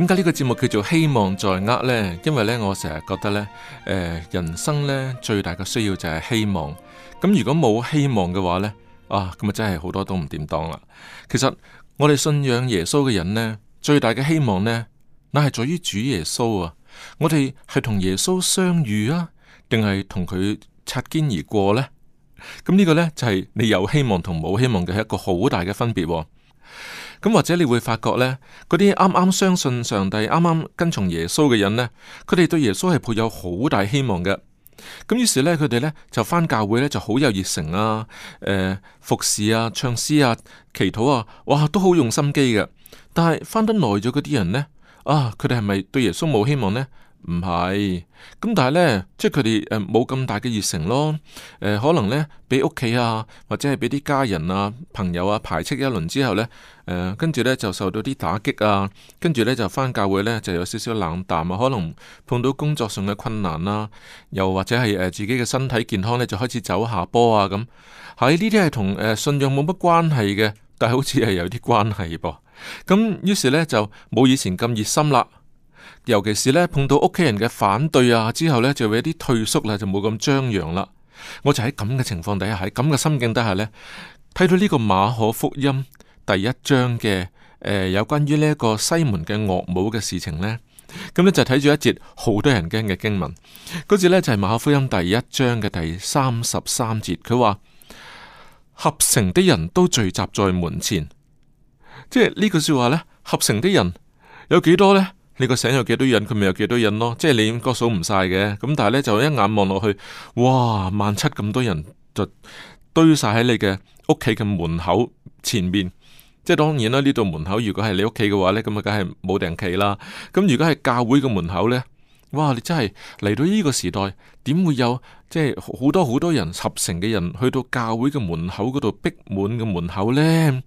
點解呢個節目叫做希望在握呢？因為呢，我成日覺得呢，呃，人生呢最大嘅需要就係希望。咁如果冇希望嘅話呢，啊，咁啊真係好多都唔掂當啦。其實我哋信仰耶穌嘅人呢，最大嘅希望呢，那係在於主耶穌啊。我哋係同耶穌相遇啊，定係同佢擦肩而過呢？咁呢個呢，就係、是、你有希望同冇希望嘅一個好大嘅分別啊。咁或者你會發覺呢，嗰啲啱啱相信上帝，啱啱跟從耶穌嘅人呢，佢哋對耶穌係抱有好大希望嘅。咁於是呢，佢哋呢就翻教會呢，就好有熱誠啊、呃，服侍啊，唱詩啊，祈禱啊，哇，都好用心機嘅。但係翻得耐咗嗰啲人呢，啊，佢哋係咪對耶穌冇希望呢？唔係，咁但係呢，即係佢哋冇咁大嘅熱誠咯，呃，可能呢，俾屋企啊，或者係俾啲家人啊、朋友啊排斥一輪之後呢，呃、跟住呢就受到啲打擊啊，跟住呢就返教會呢就有少少冷淡啊，可能碰到工作上嘅困難啦，啊，又或者係自己嘅身體健康呢，就開始走下坡啊咁，喺呢啲係同信仰冇乜關係嘅，但係好似係有啲關係噃，咁於是呢，就冇以前咁熱心啦。尤其是咧，碰到屋企人嘅反對啊，之後呢就會有啲退縮啦，就冇咁張揚啦。我就喺咁嘅情況底下，喺咁嘅心境底下呢，睇到呢個馬可福音第一章嘅、呃、有關於呢一個西門嘅岳母嘅事情呢。咁呢就睇住一節好多人驚嘅經文，嗰節呢就係、是、馬可福音第一章嘅第三十三節，佢話合城的人都聚集在門前，即係呢句說話呢，合城的人有幾多呢？你個醒有幾多人，佢咪有幾多人咯？即係你個數唔晒嘅，咁，但係呢，就一眼望落去，哇，萬七咁多人就堆晒喺你嘅屋企嘅門口前面。即係當然啦，呢度門口如果係你屋企嘅話呢，咁啊，梗係冇人企啦。咁如果係教會嘅門口呢，哇！你真係嚟到呢個時代，點會有即係好多好多人，十成嘅人去到教會嘅門口嗰度逼滿嘅門口呢？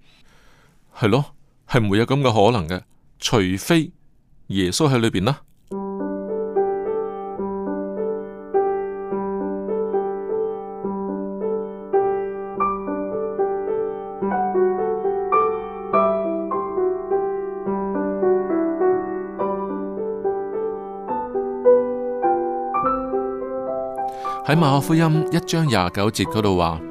係咯，係唔會有咁嘅可能嘅，除非。耶穌喺裏邊啦。喺馬可福音一章廿九節嗰度話，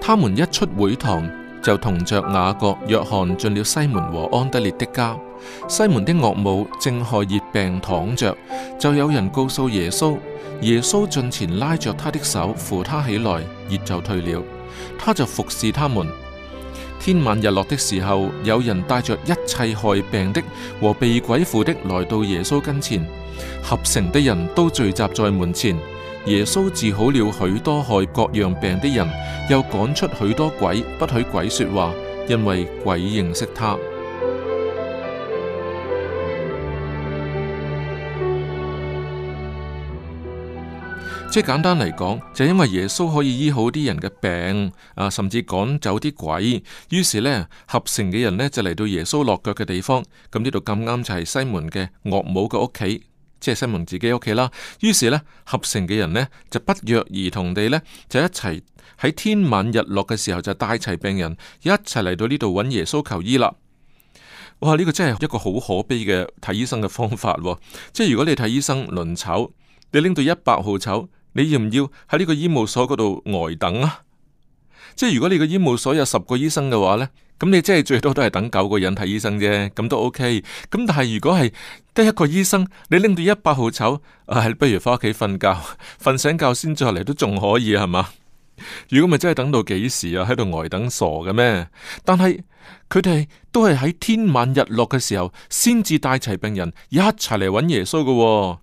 他們一出會堂，就同着雅各、約翰進了西門和安德烈的家。西門的岳母正害熱病躺着，就有人告訴耶穌，耶穌進前拉着他的手扶他起來，熱就退了，他就服侍他們。天晚日落的時候，有人帶着一切害病的和被鬼附的來到耶穌跟前，合城的人都聚集在門前。耶穌治好了許多害各樣病的人，又趕出許多鬼，不許鬼說話，因為鬼認識他。即係簡單嚟講，就是、因為耶穌可以醫好啲人嘅病，啊，甚至趕走啲鬼，於是咧，合城嘅人呢，就嚟到耶穌落腳嘅地方。咁呢度咁啱就係西門嘅岳母嘅屋企，即係西門自己屋企啦。於是咧，合城嘅人呢，就不約而同地呢，就一齊喺天晚日落嘅時候就帶齊病人一齊嚟到呢度揾耶穌求醫啦。哇，這個真係一個好可悲嘅睇醫生嘅方法、哦。即係如果你睇醫生輪籌，你拎到一百號籌。你要唔要喺呢個醫務所嗰度呆等啊？即係如果你個醫務所有十個醫生嘅話呢，咁你即係最多都係等九個人睇醫生啫，咁都 OK。咁但係如果係得一個醫生，你拎到一百號籌，係、哎、不如翻屋企瞓覺，瞓醒覺先再嚟都仲可以係嘛？如果咪真係等到幾時啊？喺度呆等傻嘅咩？但係佢哋都係喺天晚日落嘅時候，先至帶齊病人一齊嚟揾耶穌嘅、啊。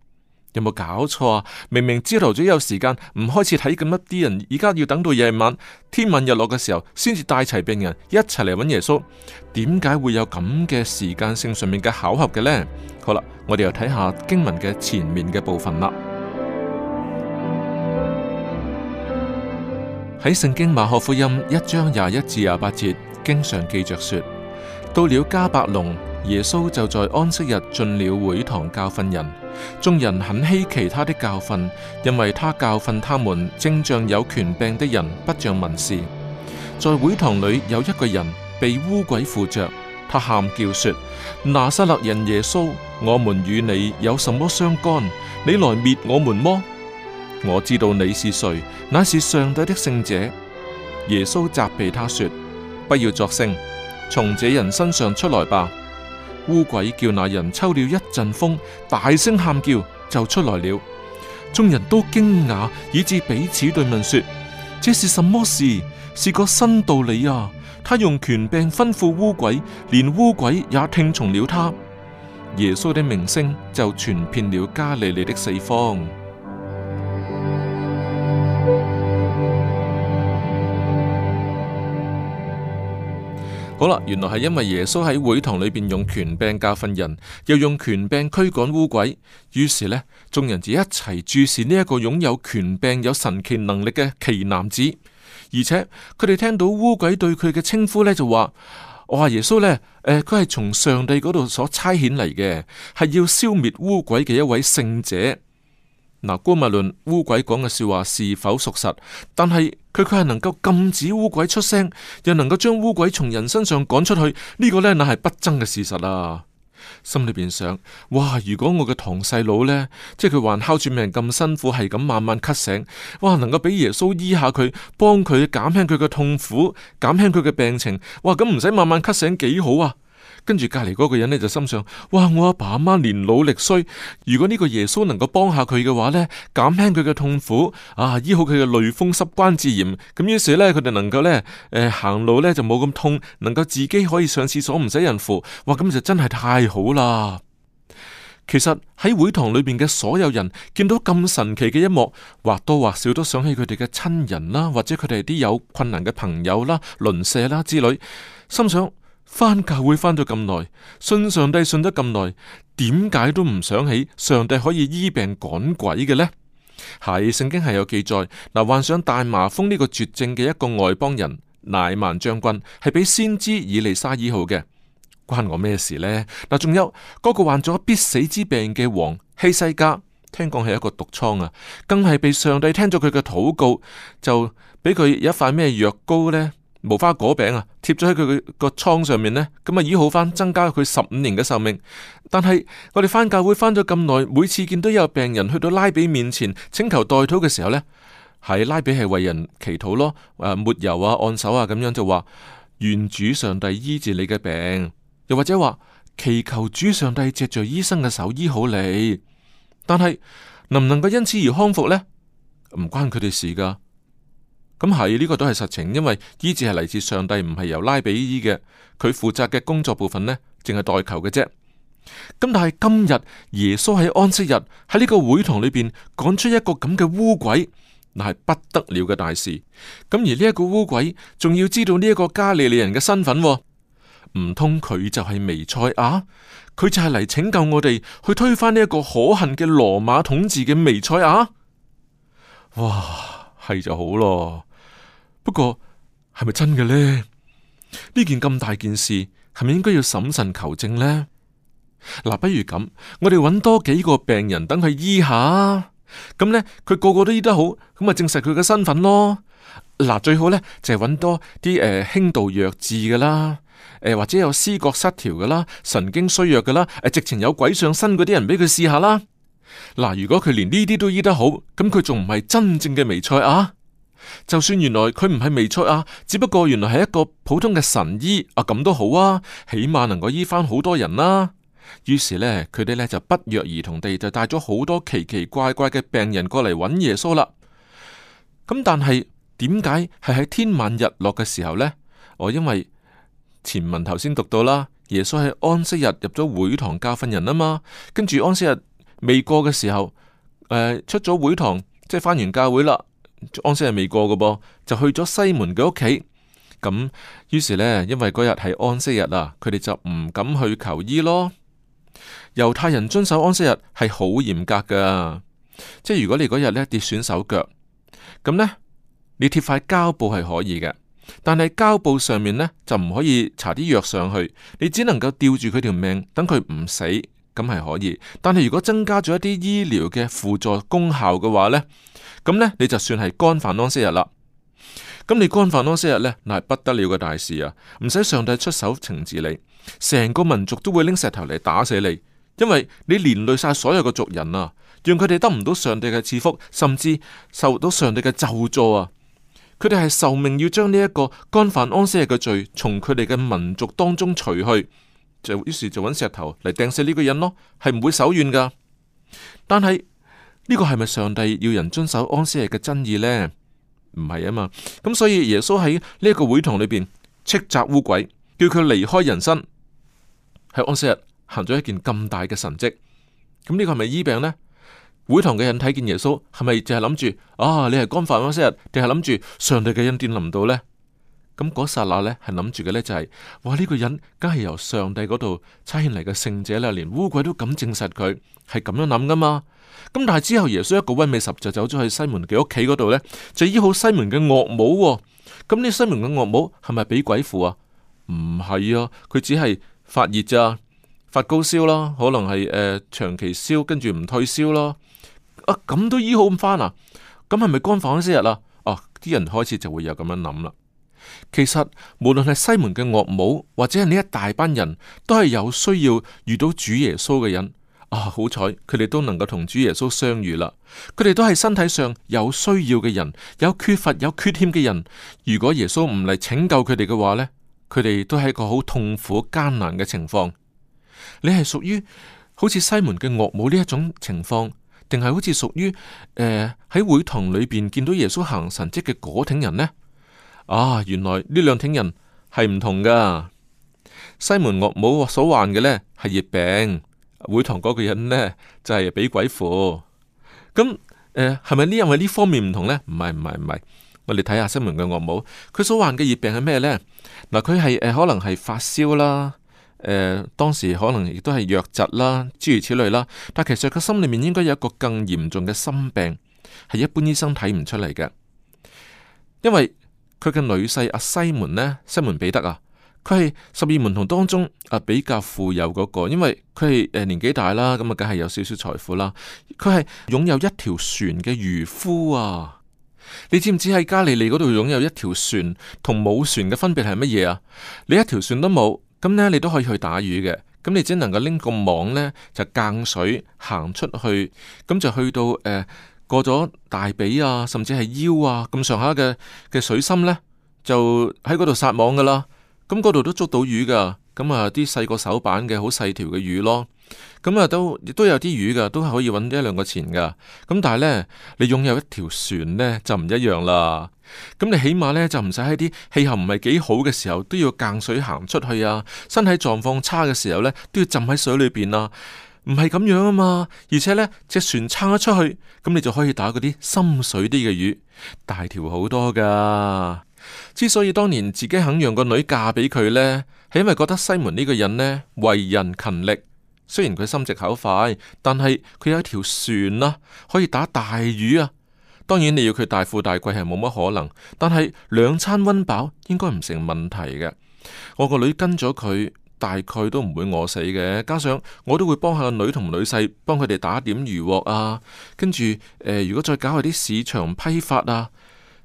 有冇搞錯啊？明明朝頭早有時間唔開始睇咁一啲人，而家要等到夜晚天晚日落嘅時候，先至帶齊病人一齊嚟搵耶穌，點解會有咁嘅時間性上面嘅巧合嘅呢？好啦，我哋又睇下經文嘅前面嘅部分啦。喺《聖 經馬可福音》一章廿一至廿八節，經常記着說，到了迦百農。耶穌就在安息日進了會堂教訓人，眾人很稀奇他的教訓，因為他教訓他們，正像有權柄的人，不像文士。在會堂裏有一個人被污鬼附着，他喊叫說：拿撒勒人耶穌，我們與你有什麼相干？你來滅我們麼？我知道你是誰，乃是上帝的聖者。耶穌責備他說：不要作聲，從這人身上出來吧。污鬼叫那人抽了一陣瘋，大聲喊叫就出來了。眾人都驚訝，以致彼此對問說：這是什麼事？是個新道理啊！他用權柄吩咐污鬼，連污鬼也聽從了他。耶穌的名聲就傳遍了加利利的四方。好啦，原來係因為耶穌喺會堂裏邊用權柄教訓人，又用權柄驅趕烏鬼，於是呢，眾人就一齊注視呢一個擁有權柄、有神權能力嘅奇男子。而且佢哋聽到烏鬼對佢嘅稱呼呢，就話：我話耶穌呢，誒、呃，佢係從上帝嗰度所差遣嚟嘅，係要消滅烏鬼嘅一位聖者。嗱，姑勿論烏鬼講嘅說話是否屬實，但係佢卻係能夠禁止烏鬼出聲，又能夠將烏鬼從人身上趕出去，呢、這個呢，那係不爭嘅事實啊！心裏邊想：哇，如果我嘅堂細佬呢，即係佢還靠住命咁辛苦，係咁慢慢咳醒，哇，能夠俾耶穌醫下佢，幫佢減輕佢嘅痛苦，減輕佢嘅病情，哇，咁唔使慢慢咳醒幾好啊！跟住隔籬嗰個人呢，就心想：哇！我阿爸阿媽年老力衰，如果呢個耶穌能夠幫下佢嘅話呢，減輕佢嘅痛苦，啊，醫好佢嘅類風濕關節炎，咁於是呢，佢哋能夠呢，誒、呃、行路呢就冇咁痛，能夠自己可以上廁所唔使人扶，哇！咁就真係太好啦。其實喺會堂裏面嘅所有人見到咁神奇嘅一幕，或多或少都想起佢哋嘅親人啦，或者佢哋啲有困難嘅朋友啦、鄰舍啦之類，心想。翻教會翻咗咁耐，信上帝信咗咁耐，點解都唔想起上帝可以醫病趕鬼嘅呢？係聖經係有記載，嗱，患上大麻風呢個絕症嘅一個外邦人乃曼將軍，係俾先知以利沙醫好嘅，關我咩事呢？嗱，仲有嗰個患咗必死之病嘅王希西家，聽講係一個毒瘡啊，更係被上帝聽咗佢嘅禱告，就俾佢一塊咩藥膏呢？無花果餅啊，貼咗喺佢嘅個瘡上面咧，咁啊醫好翻，增加佢十五年嘅壽命。但係我哋翻教會翻咗咁耐，每次見到有病人去到拉比面前請求代禱嘅時候呢，喺拉比係為人祈禱咯，誒抹油啊、按手啊咁樣就話，願主上帝醫治你嘅病，又或者話祈求主上帝藉住醫生嘅手醫好你。但係能唔能夠因此而康復呢？唔關佢哋事噶。咁係呢個都係實情，因為醫治係嚟自上帝，唔係由拉比醫嘅。佢負責嘅工作部分呢，淨係代求嘅啫。咁但係今日耶穌喺安息日喺呢個會堂裏邊講出一個咁嘅污鬼,那係不得了嘅大事。咁而呢一個污鬼仲要知道呢一個加利利人嘅身份，哦，唔通佢就係彌賽亞？佢就係嚟拯救我哋，去推翻呢一個可恨嘅羅馬統治嘅彌賽亞？哇，係就好咯。不過係咪真嘅呢？呢件咁大件事，係咪應該要審慎求證呢？嗱、啊，不如咁，我哋揾多幾個病人等佢醫下，咁呢，佢個個都醫得好，咁咪證實佢嘅身份咯。嗱、啊，最好呢，就係、是、揾多啲誒、呃、輕度弱智嘅啦，誒、呃、或者有思覺失調嘅啦，神經衰弱嘅啦，呃、直情有鬼上身嗰啲人俾佢試下啦。嗱、啊，如果佢連呢啲都醫得好，咁佢仲唔係真正嘅微菜啊？就算原來佢唔係未出啊，只不過原來係一個普通嘅神醫啊，咁都好啊，起碼能夠醫翻好多人啦、啊。於是呢，佢哋呢就不約而同地就帶咗好多奇奇怪怪嘅病人過嚟揾耶穌啦。咁但係點解係喺天晚日落嘅時候呢？我因為前文頭先讀到啦，耶穌係安息日入咗會堂教訓人啊嘛，跟住安息日未過嘅時候，呃、出咗會堂，即係返完教會啦。安息日未過嘅噃，就去咗西門嘅屋企。咁於是呢，因為嗰日係安息日啊，佢哋就唔敢去求醫咯。猶太人遵守安息日係好嚴格噶，即係如果你嗰日呢跌損手腳，咁呢，你貼塊膠布係可以嘅，但係膠布上面呢，就唔可以搽啲藥上去，你只能夠吊住佢條命，等佢唔死。咁係可以，但係如果增加咗一啲醫療嘅輔助功效嘅話呢，咁呢，你就算係干犯安息日啦。咁你干犯安息日呢，嗱，不得了嘅大事啊！唔使上帝出手懲治你，成個民族都會拎石頭嚟打死你，因為你連累晒所有嘅族人啊，讓佢哋得唔到上帝嘅賜福，甚至受到上帝嘅咒詛啊！佢哋係受命要將呢一個干犯安息日嘅罪，從佢哋嘅民族當中除去。就於是就揾石頭嚟掟死呢個人咯，係唔會手軟噶。但係呢個係咪上帝要人遵守安息日嘅真意呢？唔係啊嘛。咁所以耶穌喺呢一個會堂裏邊斥責污鬼，叫佢離開人身，喺安息日行咗一件咁大嘅神蹟。咁呢個係咪醫病呢？會堂嘅人睇見耶穌，係咪淨係諗住啊，你係干犯安息日，定係諗住上帝嘅恩典臨到呢？咁嗰剎那呢，係諗住嘅呢就係、是，哇呢、這個人，梗係由上帝嗰度差遣嚟嘅聖者啦，連烏鬼都咁證實佢係咁樣諗噶嘛。咁但係之後耶穌一個威美十就走咗去西門嘅屋企嗰度呢，就醫好西門嘅岳母、哦。咁、嗯、呢西門嘅岳母係咪俾鬼附啊？唔係啊，佢只係發熱咋，發高燒咯，可能係誒、呃、長期燒跟住唔退燒咯。啊咁都醫好唔翻啊？咁係咪干房咗些日啦、啊？哦、啊，啲人開始就會有咁樣諗啦。其實無論係西門嘅岳母，或者係呢一大班人，都係有需要遇到主耶穌嘅人啊！哦、好彩佢哋都能夠同主耶穌相遇啦。佢哋都係身體上有需要嘅人，有缺乏、有缺陷嘅人。如果耶穌唔嚟拯救佢哋嘅話呢，佢哋都係一個好痛苦、艱難嘅情況。你係屬於好似西門嘅岳母呢一種情況，定係好似屬於喺、呃、會堂裏邊見到耶穌行神跡嘅果挺人呢？啊，原來呢兩挺人係唔同噶。西門岳母所患嘅呢，係熱病，會堂嗰個人呢就係、是、俾鬼附。咁、嗯、誒，係咪呢？是是因為呢方面唔同呢？唔係唔係唔係。我哋睇下西門嘅岳母，佢所患嘅熱病係咩呢？嗱、呃，佢係、呃、可能係發燒啦，誒、呃、當時可能亦都係瘧疾啦，諸如此類啦。但其實佢心裏面應該有一個更嚴重嘅心病，係一般醫生睇唔出嚟嘅，因為。佢嘅女婿阿西門呢，西門彼得啊，佢係十二門童當中啊比較富有嗰個，因為佢係年紀大啦，咁啊梗係有少少財富啦。佢係擁有一條船嘅漁夫啊，你知唔知喺加利利嗰度擁有一條船同冇船嘅分別係乜嘢啊？你一條船都冇，咁呢你都可以去打魚嘅，咁你只能夠拎個網呢，就掹水行出去，咁就去到誒，呃過咗大髀啊，甚至係腰啊咁上下嘅嘅水深呢，就喺嗰度撒網噶啦。咁嗰度都捉到魚噶，咁啊啲細個手板嘅好細條嘅魚咯。咁啊都亦都有啲魚噶，都係可以搵一兩個錢噶。咁但係呢，你擁有一條船呢，就唔一樣啦。咁你起碼呢，就唔使喺啲氣候唔係幾好嘅時候都要隔水行出去啊，身體狀況差嘅時候呢，都要浸喺水裏邊啊。唔係咁樣啊嘛，而且呢隻船撐咗出去，咁你就可以打嗰啲深水啲嘅魚，大條好多噶。之所以當年自己肯讓個女嫁俾佢呢，係因為覺得西門呢個人呢為人勤力，雖然佢心直口快，但係佢有一條船啦、啊，可以打大魚啊。當然你要佢大富大貴係冇乜可能，但係兩餐溫飽應該唔成問題嘅。我個女跟咗佢。大概都唔會餓死嘅，加上我都會幫下個女同女婿，幫佢哋打點漁獲啊，跟住誒，如果再搞下啲市場批發啊，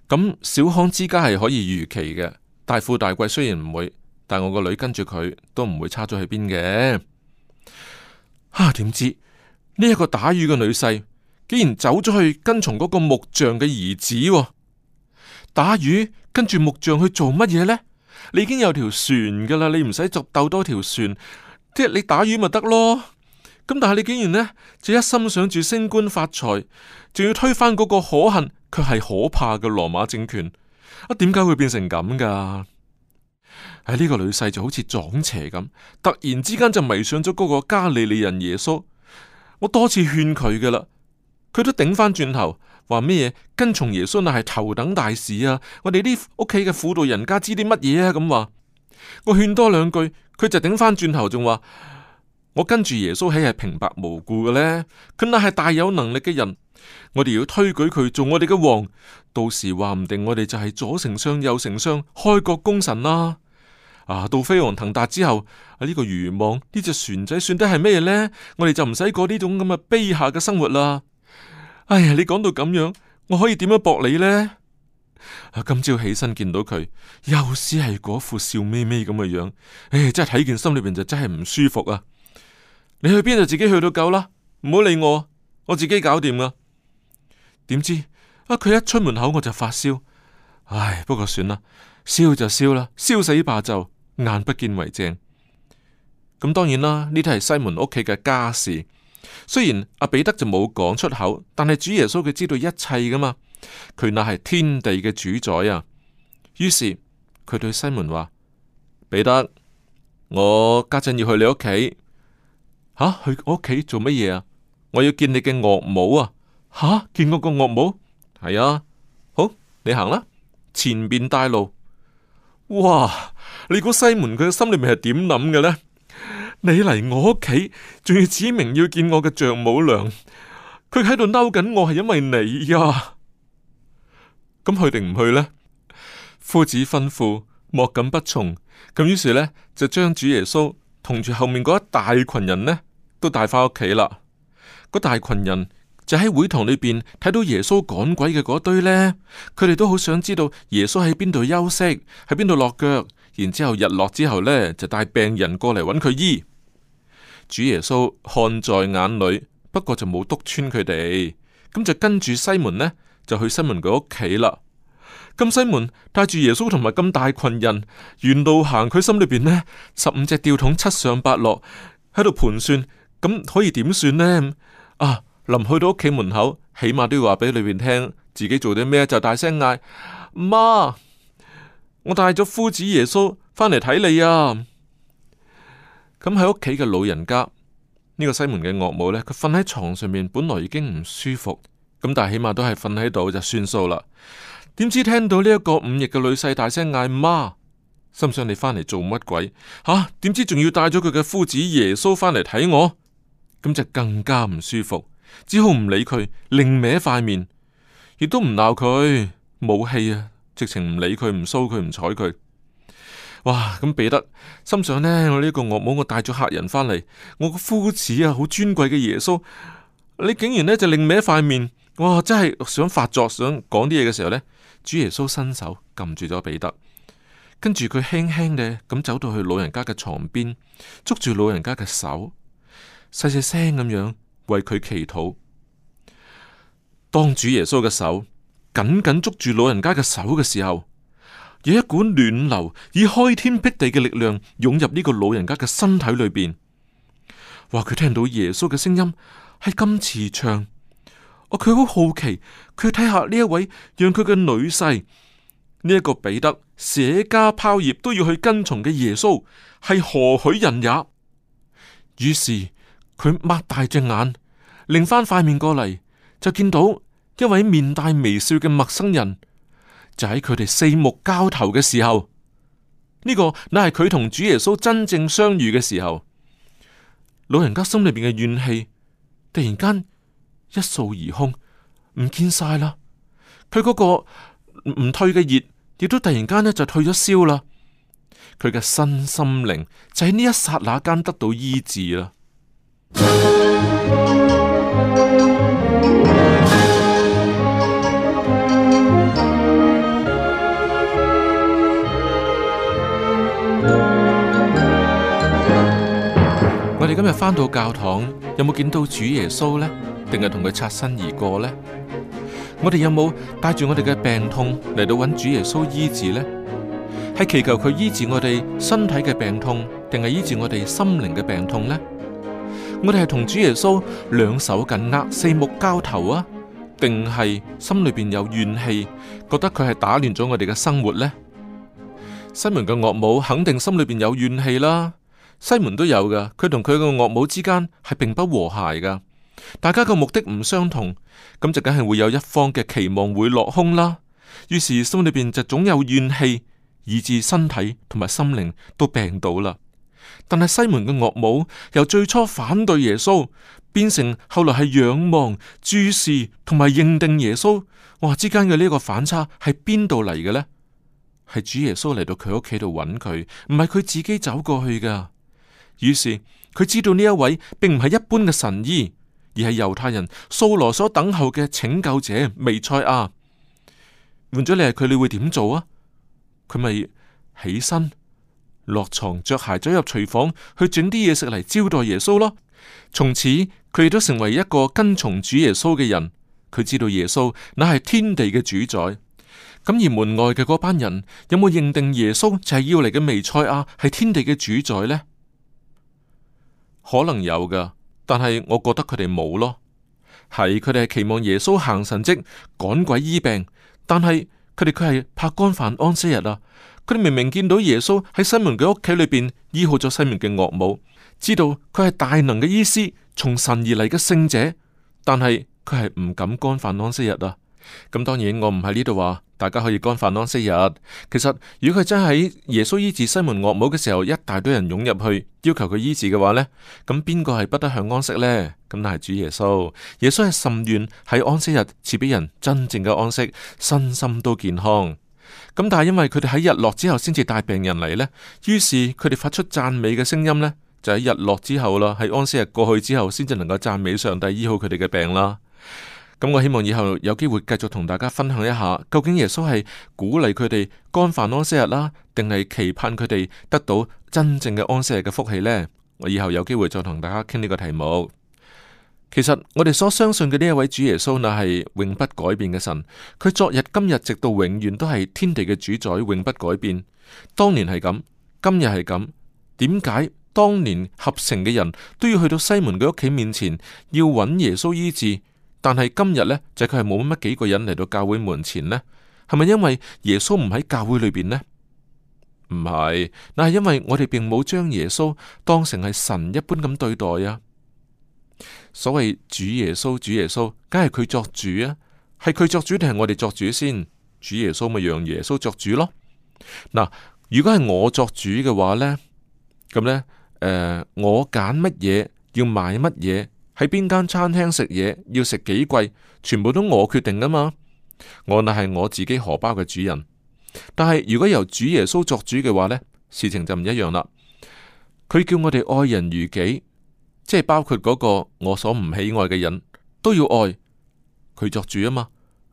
咁小康之家係可以預期嘅。大富大貴雖然唔會，但我個女跟住佢都唔會差咗去邊嘅。吓、啊，點知呢一個打魚嘅女婿竟然走咗去跟從嗰個木匠嘅兒子。哦，打魚跟住木匠去做乜嘢呢？你已經有條船噶啦，你唔使續鬥多條船，即係你打魚咪得咯。咁但係你竟然呢，就一心想住升官發財，仲要推翻嗰個可恨却係可怕嘅羅馬政權。啊，點解會變成咁噶？哎，呢個女婿就好似撞邪咁，突然之間就迷上咗嗰個加利利人耶穌。我多次勸佢噶啦，佢都頂翻轉頭。話咩嘢？跟從耶穌啊，係頭等大事啊！我哋啲屋企嘅輔導人家知啲乜嘢啊？咁話，我勸多兩句，佢就頂翻轉頭仲話：我跟住耶穌豈係平白無故嘅呢。佢乃係大有能力嘅人，我哋要推舉佢做我哋嘅王。到時話唔定我哋就係左丞相、右丞相、開國功臣啦。啊，到飛黃騰達之後，啊、這、呢個漁網呢隻船仔算得係咩呢？我哋就唔使過呢種咁嘅卑下嘅生活啦。哎呀，你講到咁樣，我可以點樣駁你呢？今朝起身見到佢，又似係嗰副笑眯眯咁嘅樣，唉，真係睇見心裏面就真係唔舒服啊！你去邊度？自己去到夠啦，唔好理我，我自己搞掂啊。點知啊，佢一出門口我就發燒，唉，不過算啦，燒就燒啦，燒死罷就眼不見為淨。咁當然啦，呢啲係西門屋企嘅家事。雖然阿、啊、彼得就冇講出口，但係主耶穌佢知道一切噶嘛，佢乃係天地嘅主宰啊。於是佢對西門話：彼得，我家陣要去你屋企。吓、啊，去我屋企做乜嘢啊？我要見你嘅岳母啊！吓、啊，見嗰個岳母係啊，好，你行啦，前邊帶路。哇，你估西門佢心裏面係點諗嘅呢？你嚟我屋企，仲要指明要見我嘅丈母娘，佢喺度嬲緊我係因為你呀，咁去定唔去呢？夫子吩咐，莫敢不從。咁於是呢，就將主耶穌同住後面嗰一大群人呢，都帶返屋企啦。嗰大群人就喺會堂裏邊睇到耶穌趕鬼嘅嗰堆呢，佢哋都好想知道耶穌喺邊度休息，喺邊度落腳。然之後日落之後呢，就帶病人過嚟揾佢醫。主耶穌看在眼裏，不過就冇督穿佢哋。咁就跟住西門呢，就去西門佢屋企啦。咁西門帶住耶穌同埋咁大群人，沿路行，佢心裏邊呢，十五隻吊桶七上八落，喺度盤算，咁可以點算呢？啊，臨去到屋企門口，起碼都要話俾裏邊聽自己做啲咩，就大聲嗌媽我帶咗夫子耶穌返嚟睇你啊！咁喺屋企嘅老人家，呢、這個西門嘅岳母呢，佢瞓喺床上面，本來已經唔舒服，咁但係起碼都係瞓喺度就算數啦。點知聽到呢一個忤逆嘅女婿大聲嗌媽，心想你返嚟做乜鬼吓？點、啊、知仲要帶咗佢嘅夫子耶穌返嚟睇我，咁就更加唔舒服，只好唔理佢，擰歪塊面，亦都唔鬧佢，冇氣啊！直情唔理佢，唔騷佢，唔睬佢。哇！咁彼得心想呢，我呢個惡母，我帶咗客人返嚟，我個夫子啊，好尊貴嘅耶穌，你竟然呢，就另歪一塊面。哇！真係想發作，想講啲嘢嘅時候呢，主耶穌伸手撳住咗彼得，跟住佢輕輕嘅咁走到去老人家嘅床邊，捉住老人家嘅手，細細聲咁樣為佢祈禱。當主耶穌嘅手緊緊捉住老人家嘅手嘅時候，有一股暖流以開天闢地嘅力量湧入呢個老人家嘅身體裏邊。哇，佢聽到耶穌嘅聲音係咁慈祥，哦，佢好好奇，佢睇下呢一位讓佢嘅女婿呢一個彼得捨家拋業都要去跟從嘅耶穌係何許人也？於是佢擘大隻眼，擰翻塊面過嚟，就見到。一位面帶微笑嘅陌生人，就喺佢哋四目交投嘅時候，呢個乃係佢同主耶穌真正相遇嘅時候。老人家心裏邊嘅怨氣，突然間一掃而空，唔見晒啦。佢嗰個唔退嘅熱，亦都突然間咧就退咗燒啦。佢嘅身心靈就喺呢一剎那間得到醫治啦。 今日返到教堂，有冇見到主耶穌呢？定係同佢擦身而過呢？我哋有冇帶住我哋嘅病痛嚟到揾主耶穌醫治呢？係祈求佢醫治我哋身體嘅病痛，定係醫治我哋心靈嘅病痛呢？我哋係同主耶穌兩手緊握，四目交投啊？定係心裏邊有怨氣，覺得佢係打亂咗我哋嘅生活呢？西門嘅岳母肯定心裏邊有怨氣啦。西門都有噶，佢同佢個岳母之間係並不和諧噶，大家個目的唔相同，咁就梗係會有一方嘅期望會落空啦。於是心裏邊就總有怨氣，以致身體同埋心靈都病倒啦。但係西門嘅岳母由最初反對耶穌，變成後來係仰望注視同埋認定耶穌，哇之間嘅呢個反差係邊度嚟嘅呢？係主耶穌嚟到佢屋企度揾佢，唔係佢自己走過去噶。於是佢知道呢一位並唔係一般嘅神醫，而係猶太人掃羅所等候嘅拯救者彌賽亞。換咗你係佢，你會點做啊？佢咪起身落床，着鞋走入廚房去整啲嘢食嚟招待耶穌咯。從此佢亦都成為一個跟從主耶穌嘅人。佢知道耶穌乃係天地嘅主宰。咁而門外嘅嗰班人有冇認定耶穌就係要嚟嘅彌賽亞，係天地嘅主宰呢？可能有噶，但係我覺得佢哋冇咯。係佢哋係期望耶穌行神蹟、趕鬼醫病，但係佢哋佢係怕干犯安息日啦、啊。佢哋明明見到耶穌喺西門嘅屋企裏邊醫好咗西門嘅岳母，知道佢係大能嘅醫師，從神而嚟嘅聖者，但係佢係唔敢干犯安息日啊。咁當然我唔喺呢度話，大家可以干犯安息日。其實如果佢真喺耶穌醫治西門岳母嘅時候，一大堆人湧入去要求佢醫治嘅話呢，咁邊個係不得享安息呢？咁但係主耶穌，耶穌係甚願喺安息日賜俾人真正嘅安息，身心都健康。咁但係因為佢哋喺日落之後先至帶病人嚟，呢，於是佢哋發出讚美嘅聲音呢，就喺日落之後啦，喺安息日過去之後先至能夠讚美上帝醫好佢哋嘅病啦。咁，我希望以後有機會繼續同大家分享一下，究竟耶穌係鼓勵佢哋干犯安息日啦，定係期盼佢哋得到真正嘅安息日嘅福氣呢？我以後有機會再同大家傾呢個題目。其實我哋所相信嘅呢一位主耶穌，呢係永不改變嘅神，佢昨日、今日直到永遠都係天地嘅主宰，永不改變。當年係咁，今日係咁，點解當年合城嘅人都要去到西門嘅屋企面前要揾耶穌醫治？但係今日呢，就佢係冇乜幾個人嚟到教會門前呢，係咪因為耶穌唔喺教會裏邊呢？唔係，但係因為我哋並冇將耶穌當成係神一般咁對待啊！所謂主耶穌，主耶穌，梗係佢作主啊，係佢作主定係我哋作主先？主耶穌咪讓耶穌作主咯？嗱，如果係我作主嘅話呢，咁呢，誒、呃，我揀乜嘢要買乜嘢？喺邊間餐廳食嘢，要食幾貴，全部都我決定噶嘛？我那係我自己荷包嘅主人。但係如果由主耶穌作主嘅話呢，事情就唔一樣啦。佢叫我哋愛人如己，即係包括嗰個我所唔喜愛嘅人，都要愛。佢作主啊嘛，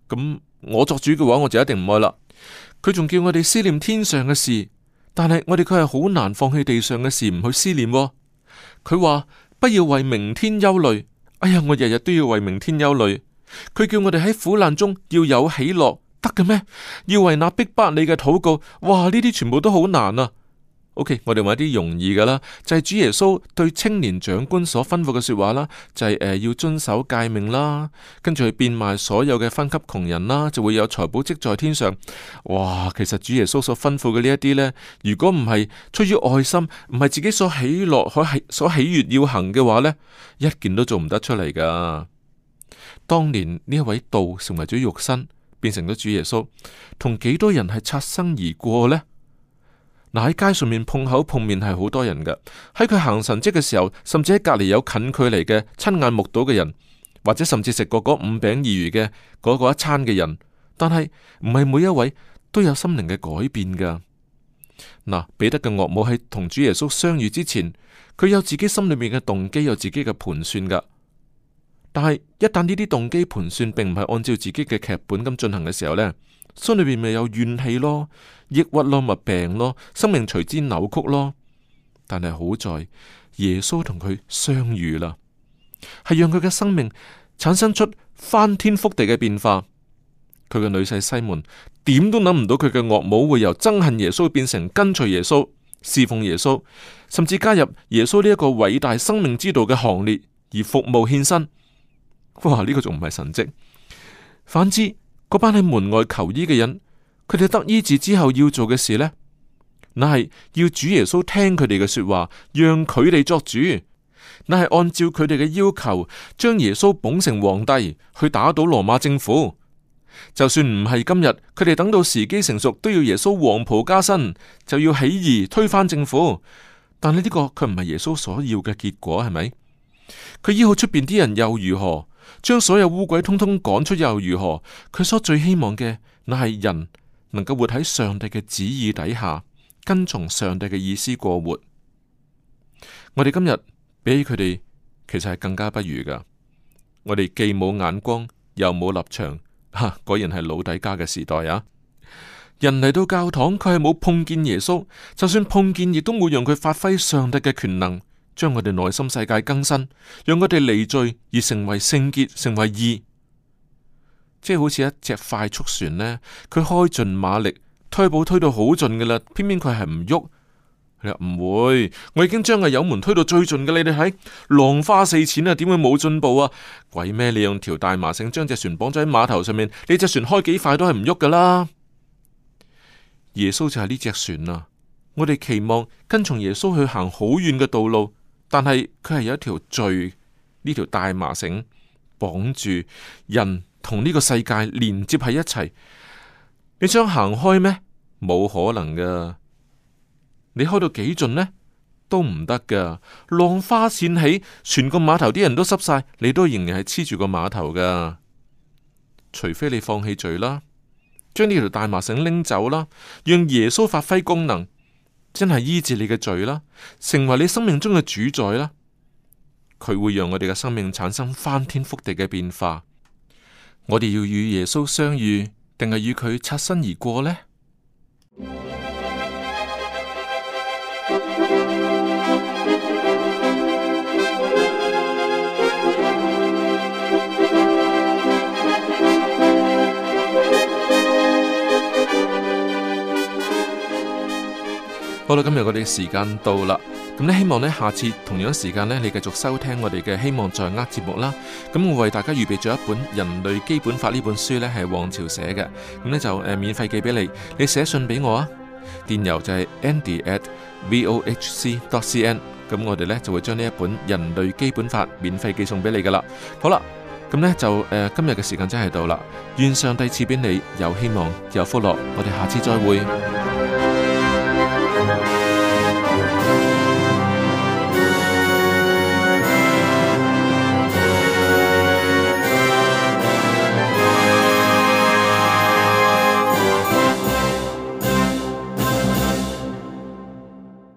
咁我作主嘅話，我就一定唔愛啦。佢仲叫我哋思念天上嘅事，但係我哋佢係好難放棄地上嘅事唔去思念。佢話。不要為明天憂慮。哎呀，我日日都要為明天憂慮。佢叫我哋喺苦難中要有喜樂，得嘅咩？要為那逼迫你嘅禱告。哇，呢啲全部都好難啊！O、okay, K，我哋話啲容易嘅啦，就係、是、主耶穌對青年長官所吩咐嘅說話啦,就係、是、誒、呃、要遵守誡命啦，跟住去變賣所有嘅分給窮人啦，就會有財寶積在天上。哇，其實主耶穌所吩咐嘅呢一啲呢，如果唔係出於愛心，唔係自己所喜樂可喜所喜悅要行嘅話呢，一件都做唔得出嚟噶。當年呢一位道成為咗肉身，變成咗主耶穌，同幾多人係擦身而過呢？嗱，喺街上面碰口碰面係好多人嘅，喺佢行神蹟嘅時候，甚至喺隔籬有近距離嘅親眼目睹嘅人，或者甚至食過嗰五餅二魚嘅嗰個一餐嘅人，但係唔係每一位都有心靈嘅改變噶。嗱，彼得嘅岳母喺同主耶穌相遇之前，佢有自己心裏面嘅動機，有自己嘅盤算噶。但係一旦呢啲動機盤算並唔係按照自己嘅劇本咁進行嘅時候呢。心裏邊咪有怨氣咯，抑鬱咯，咪病咯，生命隨之扭曲咯。但係好在耶穌同佢相遇啦，係讓佢嘅生命產生出翻天覆地嘅變化。佢嘅女婿西門點都諗唔到佢嘅岳母會由憎恨耶穌變成跟隨耶穌，侍奉耶穌，甚至加入耶穌呢一個偉大生命之道嘅行列而服務獻身。哇！呢個仲唔係神迹？反之。嗰班喺門外求醫嘅人，佢哋得醫治之後要做嘅事呢？那係要主耶穌聽佢哋嘅說話，讓佢哋作主，那係按照佢哋嘅要求，將耶穌捧成皇帝去打倒羅馬政府。就算唔係今日，佢哋等到時機成熟，都要耶穌黃袍加身，就要起義推翻政府。但係、這、呢個佢唔係耶穌所要嘅結果，係咪？佢醫好出邊啲人又如何？將所有污鬼通通趕出又如何？佢所最希望嘅，那係人能夠活喺上帝嘅旨意底下，跟從上帝嘅意思過活。我哋今日比起佢哋，其實係更加不如噶。我哋既冇眼光，又冇立場，吓，果然係老底家嘅時代啊！人嚟到教堂，佢係冇碰見耶穌，就算碰見，亦都冇讓佢發揮上帝嘅權能。將我哋內心世界更新，讓佢哋離罪而成為聖潔，成為義。即係好似一隻快速船呢，佢開盡馬力，推步推到好盡噶啦，偏偏佢係唔喐。佢話唔會，我已經將個油門推到最盡嘅，你哋睇浪花四濺啊，點會冇進步啊？鬼咩？你用條大麻繩將隻船綁咗喺碼頭上面，你隻船開幾快都係唔喐噶啦。耶穌就係呢隻船啊！我哋期望跟從耶穌去行好遠嘅道路。但係佢係有一條罪，呢條大麻繩綁住人同呢個世界連接喺一齊，你想行開咩？冇可能噶！你開到幾盡呢？都唔得噶！浪花濺起，全個碼頭啲人都濕晒，你都仍然係黐住個碼頭噶。除非你放棄罪啦，將呢條大麻繩拎走啦，讓耶穌發揮功能。真係醫治你嘅罪啦，成為你生命中嘅主宰啦，佢會讓我哋嘅生命產生翻天覆地嘅變化。我哋要與耶穌相遇，定係與佢擦身而過呢？好啦，今日我哋嘅時間到啦，咁呢希望呢下次同樣時間呢你繼續收聽我哋嘅希望在握節目啦。咁我為大家預備咗一本《人類基本法》呢本書呢係王朝寫嘅，咁呢就誒免費寄俾你，你寫信俾我啊，電郵就係 andy@vohc.cn，咁我哋呢就會將呢一本《人類基本法》免費寄送俾你噶啦。好啦，咁呢就誒今日嘅時間真係到啦，願上帝賜俾你有希望有福樂，我哋下次再會。